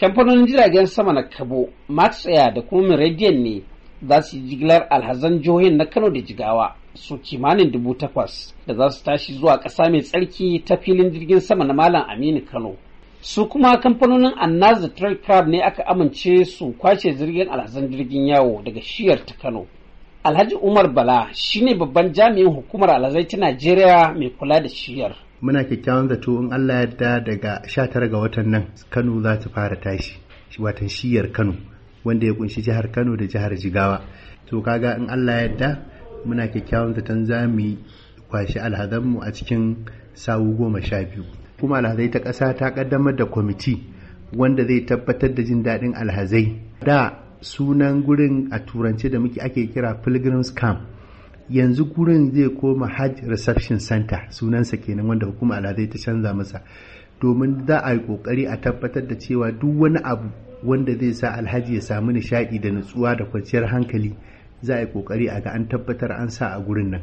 kamfanonin jiragen sama na kabo matsaya da kuma meridian ne za su yi jigilar alhazan jihohin na kano da jigawa su kimanin dubu takwas da za su tashi zuwa ƙasa mai tsarki ta filin jirgin sama na malam aminu kano su kuma kamfanonin annazi trade crab ne aka amince su kwace jirgin alhazan jirgin yawo daga shiyar ta kano alhaji umar bala shine babban jami'in hukumar alhazai ta najeriya mai kula da shiyar muna kyakkyawan zato in Allah yarda daga 19 ga watan nan Kano za ta fara tashi watan shiyar Kano wanda ya kunshi jihar Kano da jihar Jigawa to kaga in Allah yarda muna kyakkyawan zaton za mu kwashi alhazanmu a cikin sawu goma sha biyu kuma alhazai ta ƙasa ta ƙaddamar da kwamiti wanda zai tabbatar da jin daɗin alhazai da sunan gurin a Turance da muke ake kira pilgrims camp yanzu gurin zai koma hajj reception center sunansa kenan wanda hukuma alhazai ta canza masa domin za a yi kokari a tabbatar da cewa duk wani abu wanda zai sa alhaji ya samu nishaɗi da nutsuwa da kwanciyar hankali za a yi kokari a ga an tabbatar an sa a gurin nan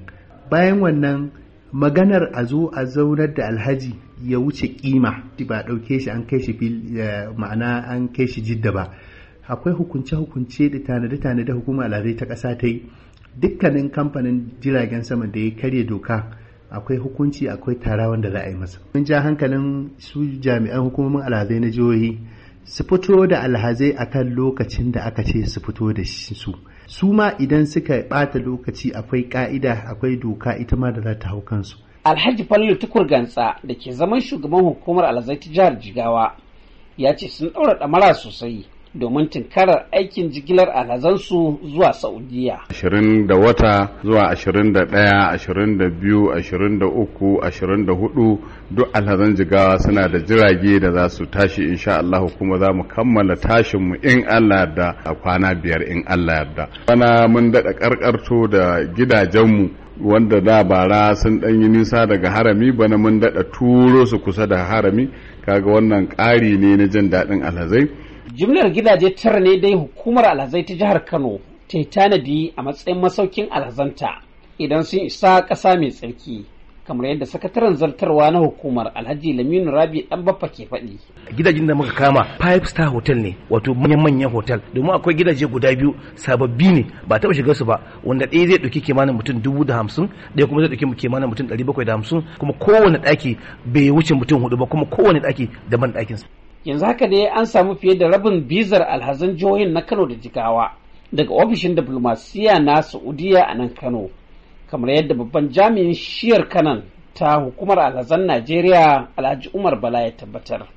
bayan wannan maganar a zo a zaunar da alhaji ya wuce kima ba ɗauke shi an kai shi eh, ma'ana an kai shi jidda ba akwai hukunce-hukunce da tanade-tanade hukumar alhazai ta ƙasa ta yi dukkanin kamfanin jiragen sama da ya karya doka akwai hukunci akwai tara wanda za a yi masa mun ja hankalin su jami'an hukumomin alhazai na jihohi su fito da alhazai akan lokacin da aka ce su fito da su su ma idan suka bata lokaci akwai ka'ida akwai doka ita ma da za ta hau kansu alhaji fallu tukur gantsa da ke zaman shugaban hukumar alhazai ta jihar jigawa ya ce sun ɗaura ɗamara sosai domin tunkarar aikin jigilar alhazansu zuwa saudiya. ashirin da wata zuwa ashirin da ɗaya ashirin da biyu ashirin da uku ashirin da hudu duk alhazan jigawa suna da jirage da za su tashi insha Allah kuma za mu kammala tashinmu in Allah yarda a kwana biyar in Allah yarda. Bana mun daɗa ƙarƙarto da gidajenmu wanda da bara sun ɗan yi nisa daga harami bana mun daɗa turo su kusa da harami kaga wannan ƙari ne na jin daɗin alhazai jimlar gidaje tara ne dai hukumar alhazai ta jihar kano ta tanadi a matsayin masaukin alhazanta idan sun isa ƙasa mai tsarki kamar yadda sakataren zartarwa na hukumar alhaji laminu rabi dan baffa ke faɗi gidajen da muka kama five star hotel ne wato manyan manyan hotel domin akwai gidaje guda biyu sababbi ne ba taɓa shiga su ba wanda ɗaya zai ɗauki kimanin mutum dubu da hamsin ɗaya kuma zai ɗauki kimanin mutum ɗari bakwai da hamsin kuma kowane ɗaki bai wuce mutum hudu ba kuma kowane ɗaki daban ɗakinsa yanzu haka ne an samu fiye da rabin bizar alhazan jihohin na kano da jigawa daga ofishin diplomasiya na saudiya a nan kano kamar yadda babban jami'in shiyar kanan ta hukumar alhazan najeriya alhaji umar bala ya tabbatar